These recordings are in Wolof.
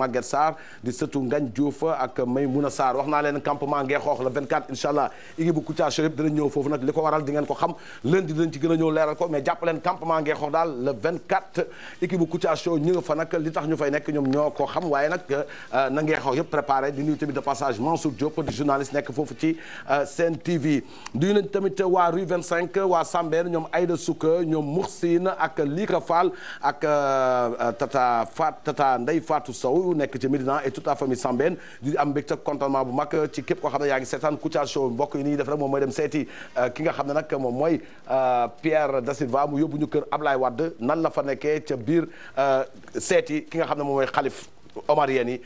Maguette Sarr di sëtu Ngagne Diouf ak Maymouna Sarr wax naa leen campement Ngeexoox le 24 incha allah équipe bu Kouthia Show yëpp dinañ ñëw foofu nag li ko waral di ngeen ko xam lundi dinañ ci gën a ñëw leeral ko mais jàpp leen campement Ngeexoox daal le 24 équipe bu Kouthia Show ñu fa nag li tax ñu fay nekk ñoom ñoo ko xam waaye nag euh, na Ngeexoox yëpp préparé di nuyu tamit de passage Mansour Diop di journaliste nekk foofu ci euh, Sen TV nuyu nañ tamit waa rue 25 waa Sambène ñoom Aïda Souka ñoom Moursine ak Lika Fall ak euh, Tata Fat Tata Ndeye Fatou Sow Saliou nekk ci Médina et toute la famille Sambène di am mbégte contentement bu mag ci képp koo xam ne yaa ngi seetaan Kouthia Show mbokk yi ni def rek moom mooy dem seeti euh, ki nga xam ne nag moom mooy euh, Pierre Da Silva mu yóbbu ñu kër ab Ablaye Wade nan la fa nekkee ca biir euh, seeti ki nga xam ne moom mooy xalif Omarien yi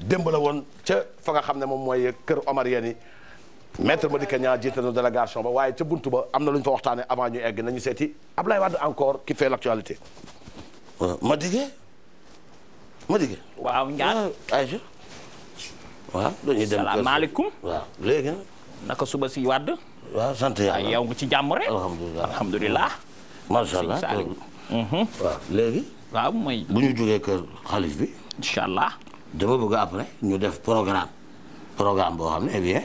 démb la woon ca fa nga xam ne moom mooy kër Omarien yi maître Madické Niang jiite na délégation ba waaye ca buntu ba am na lu ñu fa waxtaanee avant ñu egg nañu seeti Ablaye Wade encore qui fait l'actualité ma digg waaw Ndiaye ayju ah, waaw dañuy dem salaamaaleykum waaw suba si wàdd waaw sant yàlla yow ci jàmm rek alhamdulilah alhamdulilah macha allah mhm. waaw léegi waaw mooy bu bi incha allah dama bëgg après ñu def programme programme boo xam ne eh de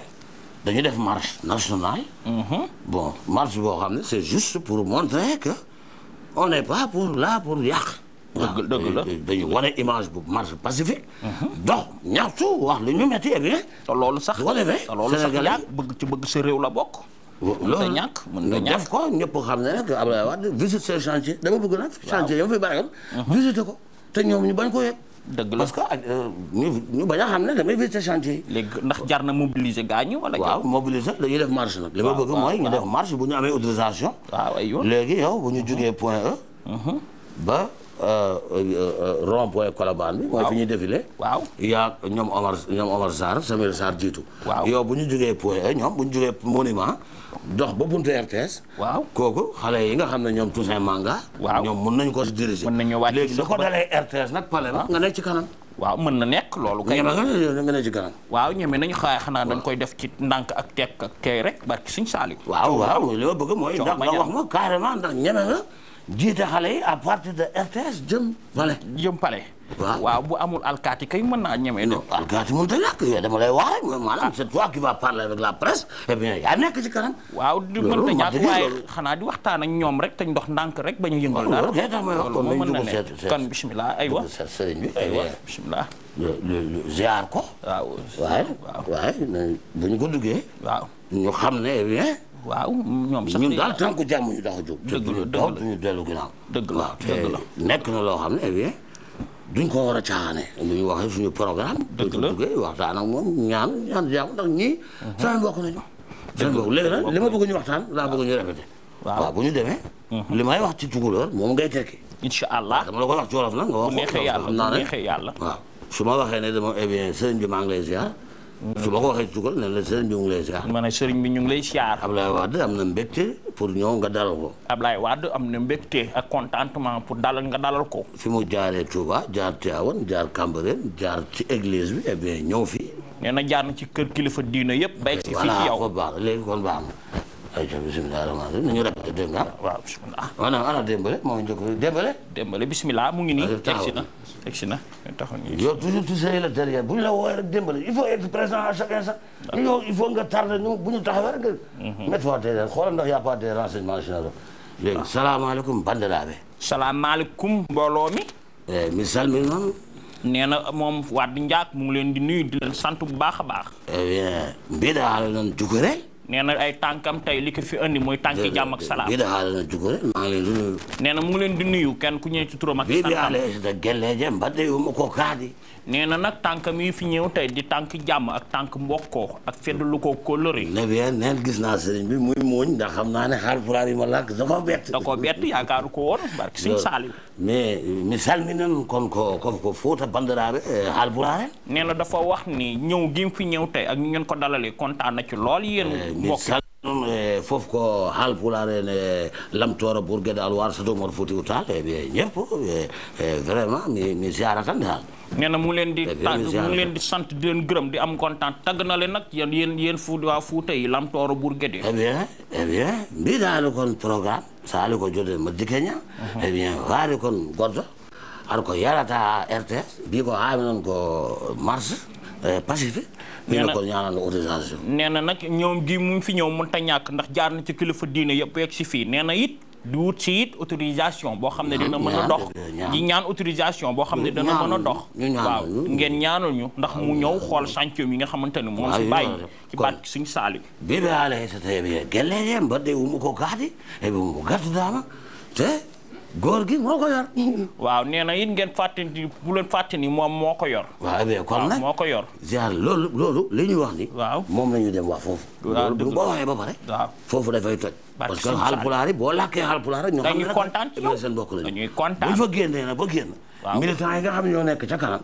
dañu def marche nationale mhm. bon marche boo xam ne c'est juste pour montrer que on n'est pas pour dëgg dëgg la eh, eh, dañu wane image bu marche pacifique. Uh-huh. dox ñaxtu wax lu ñu metti eh, bien. te loolu sax bu ko defee bëgg ci bëgg sa réew la bokk. loolu ñàkk mën na ñàkk def ko ñëpp xam ne nag Abdoulaye Wade visite ses chantiers dama bëgg na waaw chantier yi ma fi bàyyoon. Uh-huh. visite ko te ñoom ñu bañ ko yëg. dëgg la parce que euh, ñu ñu bañ a xam ne damay visiter chantier yi. ndax jar na mobiliser gaañu wala. waaw mobiliser dañuy def marche nag. li ma bëgg mooy ñu def marche bu ñu amee autorisation. léegi yow bu ñu jógee point E. Uh-huh. ba Euh, euh, rond point Colobane bi. waaw mooy fi ñuy défilé. waaw yaa ñoom Omar ñoom sa Sarr Samir Sarr jiitu. waaw yow bu ñu jugee point ñoom bu ñu jugee monument. dox ba buntu RTS. waaw kooku xale yi nga xam ne ñoom Toussaint Manga. waaw ñoom mun nañu ko diriger. mun nañu wàcc léegi lu ko dalee RTS nag pale la nga nekk ci kanam. waaw mën na nekk loolu. kay ñeme nga ne ci kanam. waaw ñeme nañu xaay xanaa dañ koy def ci ndànk ak tekk ak tey rek barki suñu saali. waaw waaw li mooy. ndax nga wax ma carrément ndax ñeme nga. jiite xale yi à partir de RTS jëm. Palais jëm Palais. waaw waaw bu amul alkaati kay mën naa ñemee. non alkaati mënut a ñàkk yooyu dama lay wax rek maanaam ah. c'est toi qui va parler la presse et eh bien nekk ci kanam. waaw di mën a ñàkk waaye xanaa di waxtaan ak ñoom rek te ndox ndànk rek ba ñu yëngal dara. loolu kay tax may wax kon mën ziar ko. waaw waaye waaye bu ñu ko duggee. waaw ñu xam ne eh bien. waaw ñoom sax ñun daal tànku jàmm ñu tax a jóg. dëgg la la ñu dellu ginnaaw. dëgg la dëgg la nekk na loo xam ne eh bien duñ ko war a caaxaane lu ñu waxee suñu programme. dëgg la duggee waxtaan ak mu ñaan ñaan jàmm ndax ñii. Uh-huh. sama mbokk nañu. bëgg ñu waxtaan laa bëgg ñu répété. waaw waaw ñu demee. Uh-huh. li may wax ci tukulóor moom ngay tekki. incha allah dama la ko wax jolof nag nga wax. bu yàlla su ma waxee ne dama eh bien sëriñ bi maa ngi lay ziar su ma ko waxee sukkal ne la sëriñ bi ñu ngi lay siyaar. ma ne sëriñ bi ñu ngi lay siyaar. Ablaye Wade am na mbégte pour ñëw nga dalal ko. Ablaye Wade am na mbégte ak contentement pour dalal nga dalal ko. fi mu jaaree Touba jaar Tivaouane jaar Cambérène jaar ci église bi et eh ñëw fi. nee na jaar na ci kër kilifa diina yëpp. bay ci fii ci yow voilà baax léegi kon baax na. ayca bisimilah rahmaani rahiim ñu répété dégg nga waaw bisimilah. maanaam ana Dembélé moo ngi njëkk Dembélé. Dembélé bisimilah mu ngi nii. taxaw na teg si na taxaw na. yow toujours tu sais la derrière bu ñu la woowee rek Dembélé il faut être présent à chaque instant. yow il faut nga tardé ñu bu ñu taxawee rek. mettre fois tey xoolal ndax y' a pas des renseignements généraux. léegi ah. salaamaaleykum bandiraaɓe. salaamaaleykum mbooloo mi. Eh, mi salmini noon. nee na moom Wade Ndiak mu ngi leen di nuyu di leen sant bu baax a baax. eh bien mbiɗa haala noon jogoree. nee na ay tànkam tey li ko fi indi mooy tànki jàmm ak salaam. bii de xaaral nee na mu ngi leen di nuyu kenn ku ñëw ci turam ak. bii bi xaaral da gelleeje mbadde yu ma nee na nag tànkam yi fi ñëw tey di tànk jàmm ak tànk mbokkoo ko kóllëre. ne bien neen gis naa sëriñ bi muy muuñ ndax xam naa ne Haalpulaar yi ma làkk da koo bett. da koo bett ko woon barke mais mi salminan kon ko ko ko Fuuta bandiraaɓe Haalpulaar eh, nee na dafa wax ni ñëw gi mu fi ñëw tey ak ñu ngeen ko dalalee kontaan na ci lool yéen eh, mbokk eh, fof ko haalpulaar en e lamtoora ɓurgueɗe alwara so dow moto foti utade eh ɓe ñeppo ɓe eh, vraiment mi jara tan haal nee mu leen di mu leen di sant di leen gërëm am kontaan tagg na leen nag yéen yéen yéen fu waa Fuuta yi lamtoora ɓurgueɗe eh bien eh bien mbiɗaali kon programme so haali ko jode maddi keña uh-huh. eh waari kon goddo aɗa ko yarata ha rts mbi ko haami noon ko marche pacifique nee na ko ñaanal na nag ñoom gi mu fi ñëw mënut a ñàkk ndax jaar na ci kilifa diine yëpp yegg si fii nee na it di wut si it autorisation boo xam ne dina mën a ah, dox di ñaan autorisation boo xam ne dana mën a dox waaw ngeen ñaanal ñu ndax mu ñëw xool chantier yi nga xamante ne moom si bàyyi ci baat suñ saali bi bi alayhi salatu ba de wu mu ko gaadi e bi góor gi moo yor. waaw nee na it ngeen fàtte bu leen fàtte ni moom moo ko yor. waaw mais kon nag moo ko yor. ziar loolu loolu li ñuy wax ni. waaw moom la ñu dem wax foofu. boo waxee ba pare. foofu dafay toj. parce que xaalpulaar boo lakkee xaalpulaar rek. ñu xam ne dañuy kontaan seen bokk la ñu. dañuy kontaan bu ñu fa génnee nag ba yi nga xam ñoo nekk ca kanam.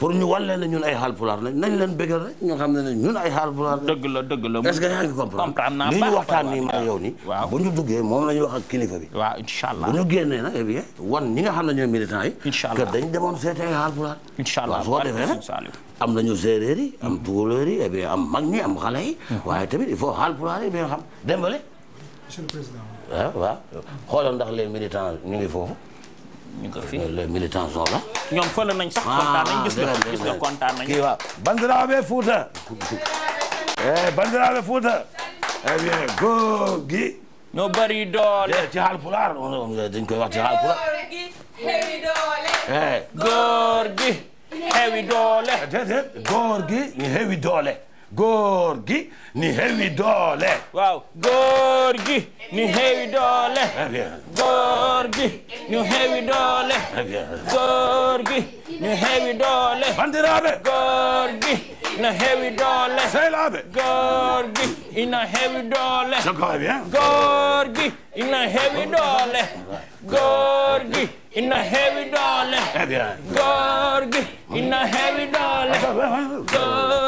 pour ñu wan leen ne ñun ay Haalpulaar lañ nañ leen bëggal rek ñu xam ne ñun ay Haalpulaar lañ. dëgg la dëgg la est-ce que yaa ngi comprendre li ñu waxtaan nii ma yow nii. waaw bu ñu duggee moom la ñuy wax ak kilifa bi. waaw incha allah bu ñu génnee nag eh bien wan ñi nga xam ne ñooy militant yi. incha allah que dañ demoon seete ay Haalpulaar. incha allah waaw soo defee nag am nañu séeréer yi am tukulóor yi eh bien am mag ñi am xale yi. Hmm. waaye tamit il faut Haalpulaar yi eh bien xam dembale. monsieur le président. waaw ah, waaw xoolal ndax les militants ñu ngi foofu ñu ko fi euh, les militants sont là. ñoom fële nañ sax ah, kontaan nañ gis nga gis nga kontaan nañ. kii waaw Bandiraɓe Fouta. Eh, Bandiraɓe Fouta. eh bien góogi. ñoo doole. Eh, ci Haalpulaar oh, oh, oh, dañ koy wax ci Haalpulaar. hewi doole. Eh. góor hewi doole. góor gi ni xewi doole. waaw góor gi ni xewi doole. góor gi ni xewi doole. góor gi ni xewi doole. bandiraaɓe. góor gi na xewi doole. sehlaaɓe. góor gi ina xewi doole. jokkoo bien. góor gi ina xewi doole. góor gi ina xewi doole. góor gi ina xewi doole. Ah,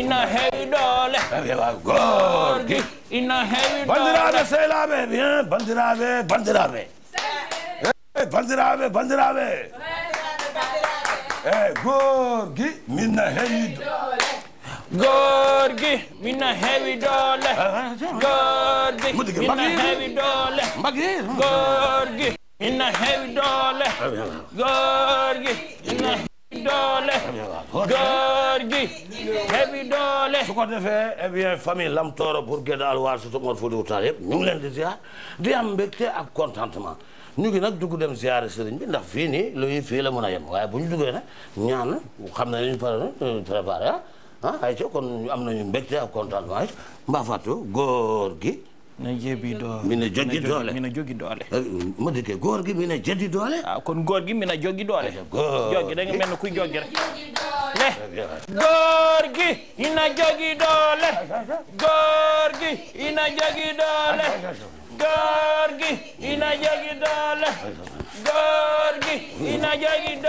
ina xewi doole waaw góor gi ina xewi doole bandiraɓe sehlaɓe bien bandiraɓe bandiraɓe bandiraɓe bandiraɓe e góor gi mina xewi doole góor gi mina xewi doole góor gi mina xewi doole góor gi mina xewi doole góor gi mina xewi doole góor gi boole. su ko defee eh bien famille Lam Tooro pour Guède Alwaar su Omar Foutiyou Tall yëpp ñu ngi leen di di am mbégte ak contentement ñu ngi nag dugg dem ziar sëriñ bi ndax fii nii luy fii la mën a yem waaye bu ñu duggee nag ñaan xam nañu ñu pare préparé ah, ah ayca am nañu mbégte ak contentement it mbaa fàttu góor gi. na jébi doole mi na jogi doole mi na eh, ma dikkee góor gi mi na jëndi doole. ah kon góor gi mi na jogi doole. góor rek. doole góor gi ina jogi doole gi ina jogi doole